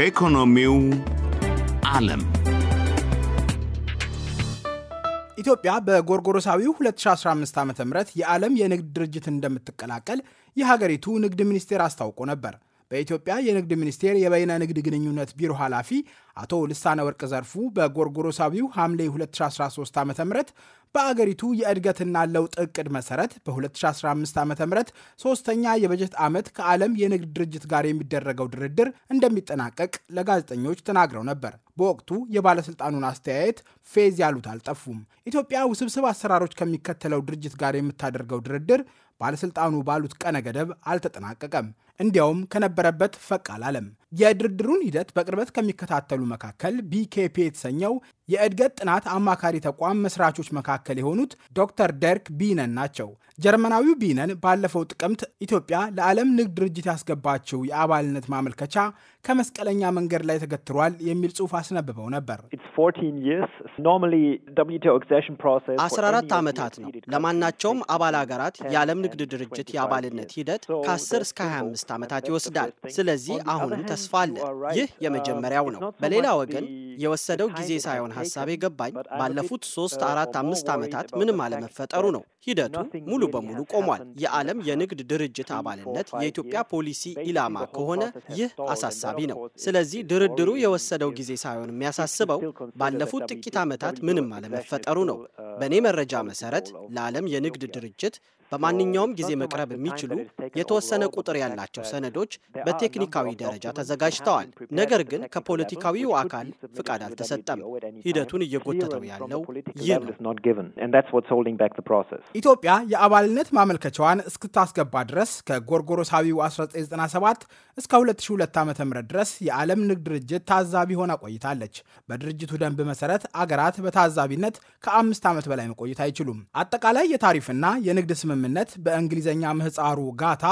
ከኢኮኖሚው ዓለም ኢትዮጵያ በጎርጎሮሳዊው 2015 ዓ ም የዓለም የንግድ ድርጅት እንደምትቀላቀል የሀገሪቱ ንግድ ሚኒስቴር አስታውቆ ነበር። በኢትዮጵያ የንግድ ሚኒስቴር የበይነ ንግድ ግንኙነት ቢሮ ኃላፊ አቶ ልሳነ ወርቅ ዘርፉ በጎርጎሮሳዊው ሐምሌ 2013 ዓ ም በአገሪቱ የእድገትና ለውጥ እቅድ መሰረት በ2015 ዓ ም ሶስተኛ የበጀት ዓመት ከዓለም የንግድ ድርጅት ጋር የሚደረገው ድርድር እንደሚጠናቀቅ ለጋዜጠኞች ተናግረው ነበር። በወቅቱ የባለስልጣኑን አስተያየት ፌዝ ያሉት አልጠፉም። ኢትዮጵያ ውስብስብ አሰራሮች ከሚከተለው ድርጅት ጋር የምታደርገው ድርድር ባለስልጣኑ ባሉት ቀነ ገደብ አልተጠናቀቀም። እንዲያውም ከነበረበት ፈቅ አላለም። የድርድሩን ሂደት በቅርበት ከሚከታተሉ መካከል ቢኬፒ የተሰኘው የእድገት ጥናት አማካሪ ተቋም መስራቾች መካከል የሆኑት ዶክተር ደርክ ቢነን ናቸው። ጀርመናዊው ቢነን ባለፈው ጥቅምት ኢትዮጵያ ለዓለም ንግድ ድርጅት ያስገባችው የአባልነት ማመልከቻ ከመስቀለኛ መንገድ ላይ ተገትሯል የሚል ጽሑፍ አስነብበው ነበር። አስራ አራት ዓመታት ነው ለማናቸውም አባል ሀገራት የዓለም ንግድ ድርጅት የአባልነት ሂደት ከ10 እስከ 25 ዓመታት ይወስዳል። ስለዚህ አሁንም ተስፋ አለ። ይህ የመጀመሪያው uh, ነው። በሌላ ወገን የወሰደው ጊዜ ሳይሆን ሀሳብ የገባኝ ባለፉት ሶስት uh, አራት አምስት ዓመታት ምንም አለመፈጠሩ ነው። ሂደቱ ሙሉ በሙሉ ቆሟል። የዓለም የንግድ ድርጅት አባልነት የኢትዮጵያ ፖሊሲ ኢላማ ከሆነ ይህ አሳሳቢ ነው። ስለዚህ ድርድሩ የወሰደው ጊዜ ሳይሆን የሚያሳስበው ባለፉት ጥቂት ዓመታት ምንም አለመፈጠሩ ነው። uh, በእኔ መረጃ መሰረት ለዓለም የንግድ ድርጅት በማንኛውም ጊዜ መቅረብ የሚችሉ የተወሰነ ቁጥር ያላቸው ሰነዶች በቴክኒካዊ ደረጃ ተዘጋጅተዋል። ነገር ግን ከፖለቲካዊው አካል ፍቃድ አልተሰጠም። ሂደቱን እየጎተተው ያለው ይህ ነው። ኢትዮጵያ የአባልነት ማመልከቻዋን እስክታስገባ ድረስ ከጎርጎሮሳዊው 1997 እስከ 2002 ዓ ም ድረስ የዓለም ንግድ ድርጅት ታዛቢ ሆና ቆይታለች። በድርጅቱ ደንብ መሰረት አገራት በታዛቢነት ከአምስት ዓመት በላይ መቆየት አይችሉም። አጠቃላይ የታሪፍና የንግድ ስምምነት ስምምነት በእንግሊዝኛ ምህፃሩ ጋታ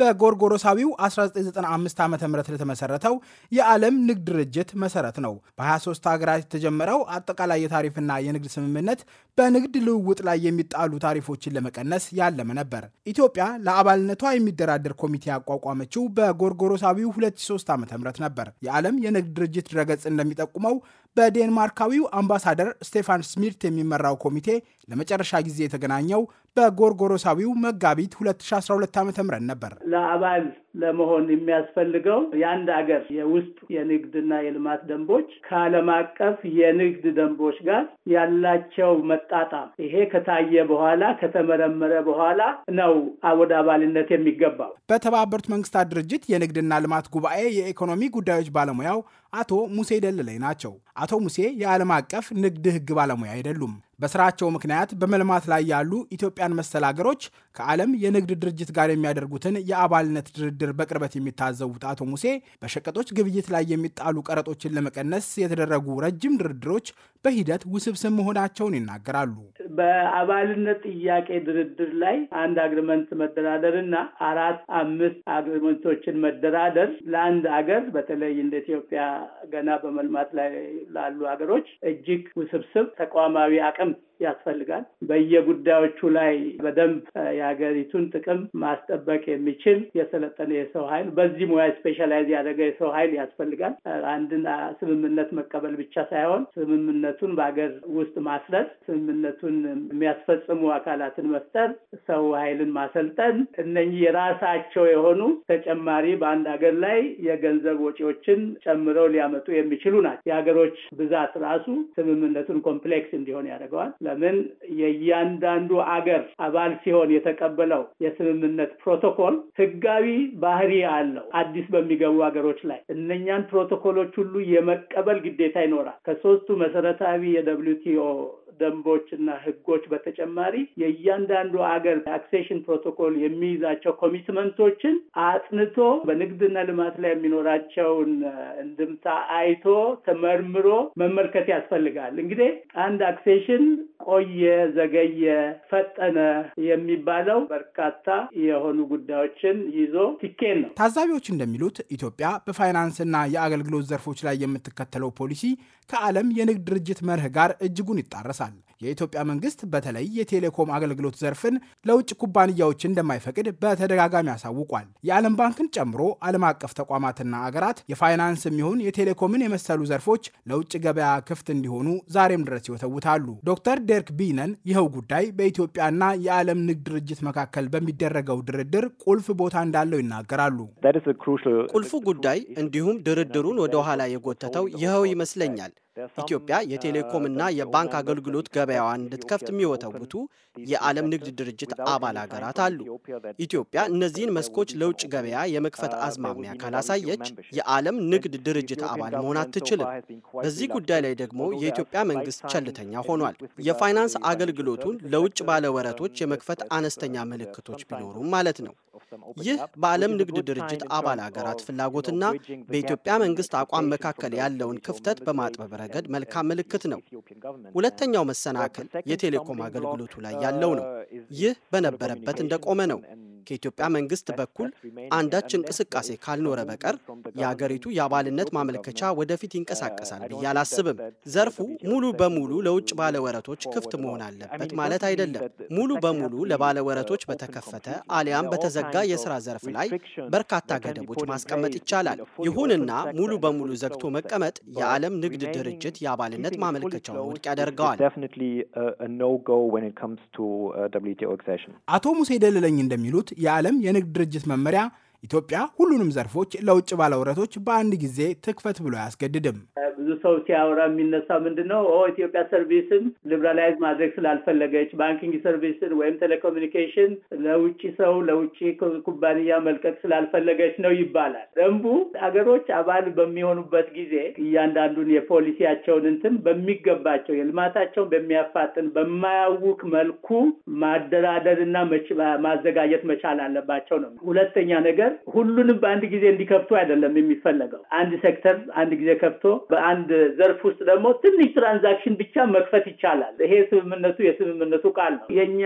በጎርጎሮሳዊው 1995 ዓ ም ለተመሠረተው የዓለም ንግድ ድርጅት መሰረት ነው። በ23 ሀገራት የተጀመረው አጠቃላይ የታሪፍና የንግድ ስምምነት በንግድ ልውውጥ ላይ የሚጣሉ ታሪፎችን ለመቀነስ ያለመ ነበር። ኢትዮጵያ ለአባልነቷ የሚደራደር ኮሚቴ ያቋቋመችው በጎርጎሮሳዊው 2003 ዓ ም ነበር። የዓለም የንግድ ድርጅት ድረገጽ እንደሚጠቁመው በዴንማርካዊው አምባሳደር ስቴፋን ስሚርት የሚመራው ኮሚቴ ለመጨረሻ ጊዜ የተገናኘው በጎርጎሮሳዊው መጋቢት 2012 ዓ ም ነበር። ለአባል ለመሆን የሚያስፈልገው የአንድ አገር የውስጥ የንግድና የልማት ደንቦች ከዓለም አቀፍ የንግድ ደንቦች ጋር ያላቸው መጣጣም፣ ይሄ ከታየ በኋላ ከተመረመረ በኋላ ነው ወደ አባልነት የሚገባው። በተባበሩት መንግስታት ድርጅት የንግድና ልማት ጉባኤ የኢኮኖሚ ጉዳዮች ባለሙያው አቶ ሙሴ ደለለኝ ናቸው። አቶ ሙሴ የዓለም አቀፍ ንግድ ሕግ ባለሙያ አይደሉም። በስራቸው ምክንያት በመልማት ላይ ያሉ ኢትዮጵያን መሰል አገሮች ከዓለም የንግድ ድርጅት ጋር የሚያደርጉትን የአባልነት ድርድር በቅርበት የሚታዘቡት አቶ ሙሴ በሸቀጦች ግብይት ላይ የሚጣሉ ቀረጦችን ለመቀነስ የተደረጉ ረጅም ድርድሮች በሂደት ውስብስብ መሆናቸውን ይናገራሉ። በአባልነት ጥያቄ ድርድር ላይ አንድ አግሪመንት መደራደር እና አራት አምስት አግሪመንቶችን መደራደር ለአንድ አገር በተለይ እንደ ኢትዮጵያ ገና በመልማት ላይ ላሉ አገሮች እጅግ ውስብስብ ተቋማዊ አቅም Um, ያስፈልጋል። በየጉዳዮቹ ላይ በደንብ የሀገሪቱን ጥቅም ማስጠበቅ የሚችል የሰለጠነ የሰው ኃይል በዚህ ሙያ ስፔሻላይዝ ያደረገ የሰው ኃይል ያስፈልጋል። አንድን ስምምነት መቀበል ብቻ ሳይሆን ስምምነቱን በሀገር ውስጥ ማስረት፣ ስምምነቱን የሚያስፈጽሙ አካላትን መፍጠር፣ ሰው ኃይልን ማሰልጠን፣ እነኚህ የራሳቸው የሆኑ ተጨማሪ በአንድ ሀገር ላይ የገንዘብ ወጪዎችን ጨምረው ሊያመጡ የሚችሉ ናቸው። የሀገሮች ብዛት ራሱ ስምምነቱን ኮምፕሌክስ እንዲሆን ያደርገዋል። ለምን የእያንዳንዱ አገር አባል ሲሆን የተቀበለው የስምምነት ፕሮቶኮል ህጋዊ ባህሪ አለው። አዲስ በሚገቡ ሀገሮች ላይ እነኛን ፕሮቶኮሎች ሁሉ የመቀበል ግዴታ ይኖራል። ከሶስቱ መሰረታዊ የደብሊውቲኦ ደንቦች እና ህጎች በተጨማሪ የእያንዳንዱ አገር ታክሴሽን ፕሮቶኮል የሚይዛቸው ኮሚትመንቶችን አጥንቶ በንግድና ልማት ላይ የሚኖራቸውን እንድምታ አይቶ ተመርምሮ መመልከት ያስፈልጋል። እንግዲህ አንድ አክሴሽን ቆየ፣ ዘገየ፣ ፈጠነ የሚባለው በርካታ የሆኑ ጉዳዮችን ይዞ ሲኬን ነው። ታዛቢዎች እንደሚሉት ኢትዮጵያ በፋይናንስና የአገልግሎት ዘርፎች ላይ የምትከተለው ፖሊሲ ከዓለም የንግድ ድርጅት መርህ ጋር እጅጉን ይጣረሳል። ይጠቅሳል። የኢትዮጵያ መንግስት በተለይ የቴሌኮም አገልግሎት ዘርፍን ለውጭ ኩባንያዎች እንደማይፈቅድ በተደጋጋሚ አሳውቋል። የዓለም ባንክን ጨምሮ ዓለም አቀፍ ተቋማትና አገራት የፋይናንስ የሚሆን የቴሌኮምን የመሰሉ ዘርፎች ለውጭ ገበያ ክፍት እንዲሆኑ ዛሬም ድረስ ይወተውታሉ። ዶክተር ዴርክ ቢነን ይኸው ጉዳይ በኢትዮጵያና የዓለም ንግድ ድርጅት መካከል በሚደረገው ድርድር ቁልፍ ቦታ እንዳለው ይናገራሉ። ቁልፉ ጉዳይ እንዲሁም ድርድሩን ወደ ኋላ የጎተተው ይኸው ይመስለኛል። ኢትዮጵያ የቴሌኮምና የባንክ አገልግሎት ገበያዋን እንድትከፍት የሚወተውቱ የዓለም ንግድ ድርጅት አባል ሀገራት አሉ። ኢትዮጵያ እነዚህን መስኮች ለውጭ ገበያ የመክፈት አዝማሚያ ካላሳየች የዓለም ንግድ ድርጅት አባል መሆን አትችልም። በዚህ ጉዳይ ላይ ደግሞ የኢትዮጵያ መንግስት ቸልተኛ ሆኗል። የፋይናንስ አገልግሎቱን ለውጭ ባለወረቶች የመክፈት አነስተኛ ምልክቶች ቢኖሩም ማለት ነው። ይህ በዓለም ንግድ ድርጅት አባል ሀገራት ፍላጎትና በኢትዮጵያ መንግስት አቋም መካከል ያለውን ክፍተት በማጥበብ ረገድ uh, መልካም ምልክት ነው። uh, ሁለተኛው መሰናክል የቴሌኮም አገልግሎቱ ላይ uh, ያለው ነው። ይህ በነበረበት እንደቆመ ነው። ከኢትዮጵያ መንግስት በኩል አንዳች እንቅስቃሴ ካልኖረ በቀር የአገሪቱ የአባልነት ማመልከቻ ወደፊት uh, ይንቀሳቀሳል ብዬ አላስብም። ዘርፉ ሙሉ በሙሉ ለውጭ ባለወረቶች ክፍት መሆን አለበት ማለት አይደለም። ሙሉ በሙሉ uh, ለባለወረቶች በተከፈተ አሊያም በተዘጋ የስራ ዘርፍ ላይ በርካታ ገደቦች ማስቀመጥ ይቻላል። ይሁንና ሙሉ በሙሉ ዘግቶ መቀመጥ የዓለም ንግድ ድርጅት የአባልነት ማመልከቻውን ውድቅ ያደርገዋል። uh, አቶ ሙሴ ደልለኝ እንደሚሉት የዓለም የንግድ ድርጅት መመሪያ ኢትዮጵያ ሁሉንም ዘርፎች ለውጭ ባለውረቶች በአንድ ጊዜ ትክፈት ብሎ አያስገድድም። ብዙ ሰው ሲያወራ የሚነሳ ምንድን ነው ኦ ኢትዮጵያ ሰርቪስን ሊብራላይዝ ማድረግ ስላልፈለገች ባንኪንግ ሰርቪስን ወይም ቴሌኮሚኒኬሽን ለውጭ ሰው ለውጭ ኩባንያ መልቀቅ ስላልፈለገች ነው ይባላል። ደንቡ አገሮች አባል በሚሆኑበት ጊዜ እያንዳንዱን የፖሊሲያቸውን እንትን በሚገባቸው የልማታቸውን በሚያፋጥን በማያውክ መልኩ ማደራደር እና ማዘጋጀት መቻል አለባቸው ነው። ሁለተኛ ነገር ሁሉንም በአንድ ጊዜ እንዲከፍቱ አይደለም የሚፈለገው። አንድ ሴክተር አንድ ጊዜ ከፍቶ በአንድ ዘርፍ ውስጥ ደግሞ ትንሽ ትራንዛክሽን ብቻ መክፈት ይቻላል። ይሄ ስምምነቱ የስምምነቱ ቃል ነው። የእኛ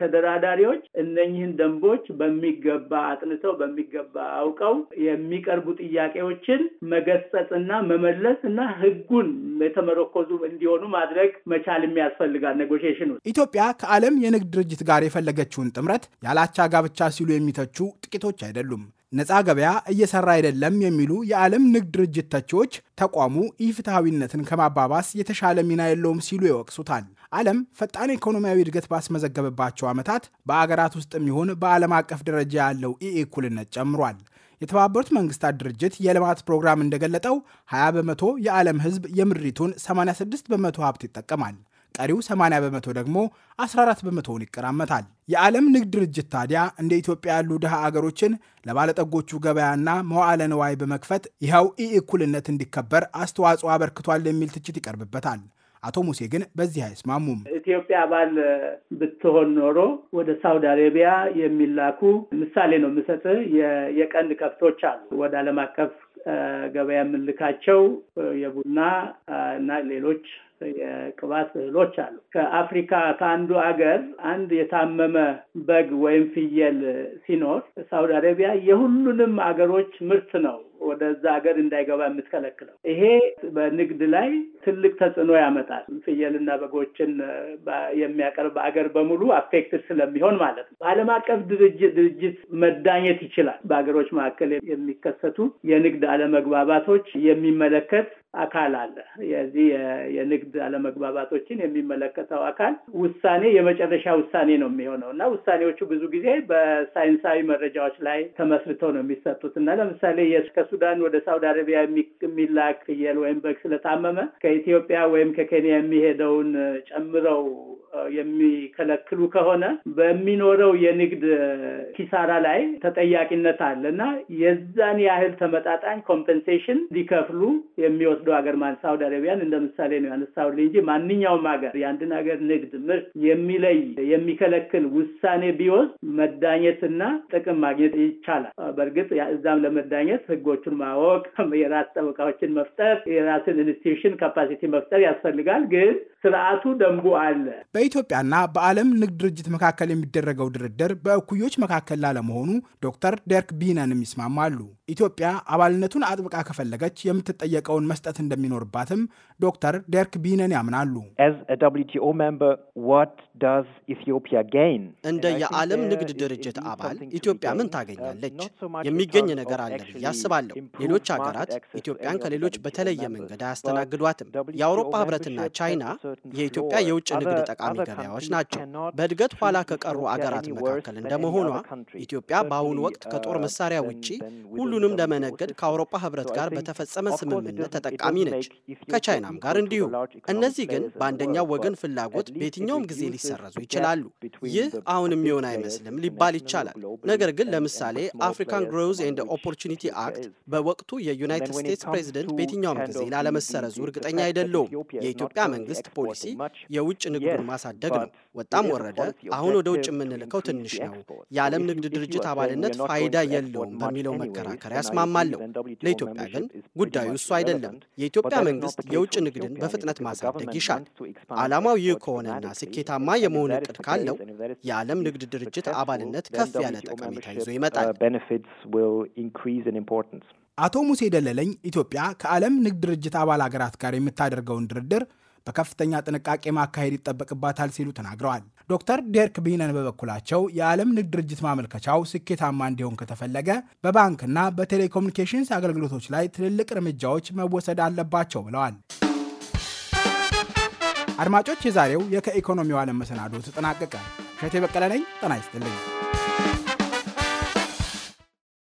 ተደራዳሪዎች እነኝህን ደንቦች በሚገባ አጥንተው በሚገባ አውቀው የሚቀርቡ ጥያቄዎችን መገሰጽና መመለስ እና ህጉን የተመረኮዙ እንዲሆኑ ማድረግ መቻልም ያስፈልጋል። ውስጥ ኢትዮጵያ ከዓለም የንግድ ድርጅት ጋር የፈለገችውን ጥምረት ያላቻ ጋብቻ ሲሉ የሚተቹ ጥቂቶች አይደሉም። ነፃ ገበያ እየሰራ አይደለም የሚሉ የዓለም ንግድ ድርጅት ተቺዎች ተቋሙ ኢፍትሐዊነትን ከማባባስ የተሻለ ሚና የለውም ሲሉ ይወቅሱታል። ዓለም ፈጣን ኢኮኖሚያዊ እድገት ባስመዘገበባቸው ዓመታት በአገራት ውስጥም ይሁን በዓለም አቀፍ ደረጃ ያለው ኢ እኩልነት ጨምሯል። የተባበሩት መንግስታት ድርጅት የልማት ፕሮግራም እንደገለጠው 20 በመቶ የዓለም ሕዝብ የምድሪቱን 86 በመቶ ሀብት ይጠቀማል። ቀሪው 80 በመቶ ደግሞ 14 በመቶውን ይቀራመታል። የዓለም ንግድ ድርጅት ታዲያ እንደ ኢትዮጵያ ያሉ ድሃ አገሮችን ለባለጠጎቹ ገበያና መዋዕለ ንዋይ በመክፈት ይኸው ኢ እኩልነት እንዲከበር አስተዋጽኦ አበርክቷል የሚል ትችት ይቀርብበታል። አቶ ሙሴ ግን በዚህ አይስማሙም። ኢትዮጵያ አባል ብትሆን ኖሮ ወደ ሳውዲ አረቢያ የሚላኩ ምሳሌ ነው የምሰጥ የቀንድ ከብቶች አሉ ወደ ዓለም አቀፍ ገበያ የምንልካቸው የቡና እና ሌሎች የቅባት እህሎች አሉ። ከአፍሪካ ከአንዱ አገር አንድ የታመመ በግ ወይም ፍየል ሲኖር ሳውዲ አረቢያ የሁሉንም አገሮች ምርት ነው ወደዛ ሀገር እንዳይገባ የምትከለክለው። ይሄ በንግድ ላይ ትልቅ ተጽዕኖ ያመጣል። ፍየልና በጎችን የሚያቀርብ ሀገር በሙሉ አፌክትድ ስለሚሆን ማለት ነው። በዓለም አቀፍ ድርጅት ድርጅት መዳኘት ይችላል። በሀገሮች መካከል የሚከሰቱ የንግድ አለመግባባቶች የሚመለከት አካል አለ። የዚህ የንግድ አለመግባባቶችን የሚመለከተው አካል ውሳኔ የመጨረሻ ውሳኔ ነው የሚሆነው እና ውሳኔዎቹ ብዙ ጊዜ በሳይንሳዊ መረጃዎች ላይ ተመስርተው ነው የሚሰጡት እና ለምሳሌ ከሱዳን ወደ ሳውዲ አረቢያ የሚላክ ፍየል ወይም በግ ስለታመመ ከኢትዮጵያ ወይም ከኬንያ የሚሄደውን ጨምረው የሚከለክሉ ከሆነ በሚኖረው የንግድ ኪሳራ ላይ ተጠያቂነት አለ እና የዛን ያህል ተመጣጣኝ ኮምፐንሴሽን እንዲከፍሉ የሚወ የምንወስደው ሀገር ማለት ሳውዲ አረቢያን እንደ ምሳሌ ነው ያነሳሁልህ እንጂ ማንኛውም ሀገር የአንድን ሀገር ንግድ ምርት የሚለይ የሚከለክል ውሳኔ ቢወስድ መዳኘትና ጥቅም ማግኘት ይቻላል። በእርግጥ እዛም ለመዳኘት ህጎቹን ማወቅ፣ የራስ ጠበቃዎችን መፍጠር፣ የራስን ኢንስቲቱሽን ካፓሲቲ መፍጠር ያስፈልጋል። ግን ስርዓቱ ደንቡ አለ። በኢትዮጵያና በዓለም ንግድ ድርጅት መካከል የሚደረገው ድርድር በእኩዮች መካከል ላለመሆኑ ዶክተር ደርክ ቢነንም ይስማማሉ። ኢትዮጵያ አባልነቱን አጥብቃ ከፈለገች የምትጠየቀውን መስጠት መስጠት እንደሚኖርባትም ዶክተር ደርክ ቢነን ያምናሉ። እንደ የዓለም ንግድ ድርጅት አባል ኢትዮጵያ ምን ታገኛለች? የሚገኝ ነገር አለ ብዬ አስባለሁ። ሌሎች ሀገራት ኢትዮጵያን ከሌሎች በተለየ መንገድ አያስተናግዷትም። የአውሮፓ ህብረትና ቻይና የኢትዮጵያ የውጭ ንግድ ጠቃሚ ገበያዎች ናቸው። በእድገት ኋላ ከቀሩ አገራት መካከል እንደመሆኗ ኢትዮጵያ በአሁኑ ወቅት ከጦር መሳሪያ ውጪ ሁሉንም ለመነገድ ከአውሮፓ ህብረት ጋር በተፈጸመ ስምምነት ተጠቅ ጠቃሚ ነች፣ ከቻይናም ጋር እንዲሁ። እነዚህ ግን በአንደኛው ወገን ፍላጎት በየትኛውም ጊዜ ሊሰረዙ ይችላሉ። ይህ አሁን የሚሆን አይመስልም ሊባል ይቻላል። ነገር ግን ለምሳሌ አፍሪካን ግሮዝ ኤንድ ኦፖርቹኒቲ አክት በወቅቱ የዩናይትድ ስቴትስ ፕሬዚደንት በየትኛውም ጊዜ ላለመሰረዙ እርግጠኛ አይደለውም። የኢትዮጵያ መንግስት ፖሊሲ የውጭ ንግዱን ማሳደግ ነው። ወጣም ወረደ አሁን ወደ ውጭ የምንልከው ትንሽ ነው። የዓለም ንግድ ድርጅት አባልነት ፋይዳ የለውም በሚለው መከራከሪያ ያስማማለሁ። ለኢትዮጵያ ግን ጉዳዩ እሱ አይደለም። የኢትዮጵያ መንግስት የውጭ ንግድን በፍጥነት ማሳደግ ይሻል። ዓላማው ይህ ከሆነና ስኬታማ የመሆን እቅድ ካለው የዓለም ንግድ ድርጅት አባልነት ከፍ ያለ ጠቀሜታ ይዞ ይመጣል። uh, አቶ ሙሴ ደለለኝ ኢትዮጵያ ከዓለም ንግድ ድርጅት አባል ሀገራት ጋር የምታደርገውን ድርድር በከፍተኛ ጥንቃቄ ማካሄድ ይጠበቅባታል ሲሉ ተናግረዋል። ዶክተር ዴርክ ቢነን በበኩላቸው የዓለም ንግድ ድርጅት ማመልከቻው ስኬታማ እንዲሆን ከተፈለገ በባንክና በቴሌኮሙኒኬሽንስ አገልግሎቶች ላይ ትልልቅ እርምጃዎች መወሰድ አለባቸው ብለዋል። አድማጮች፣ የዛሬው የከኢኮኖሚው ዓለም መሰናዶ ተጠናቀቀ። እሸቴ በቀለ ነኝ። ጤና ይስጥልኝ።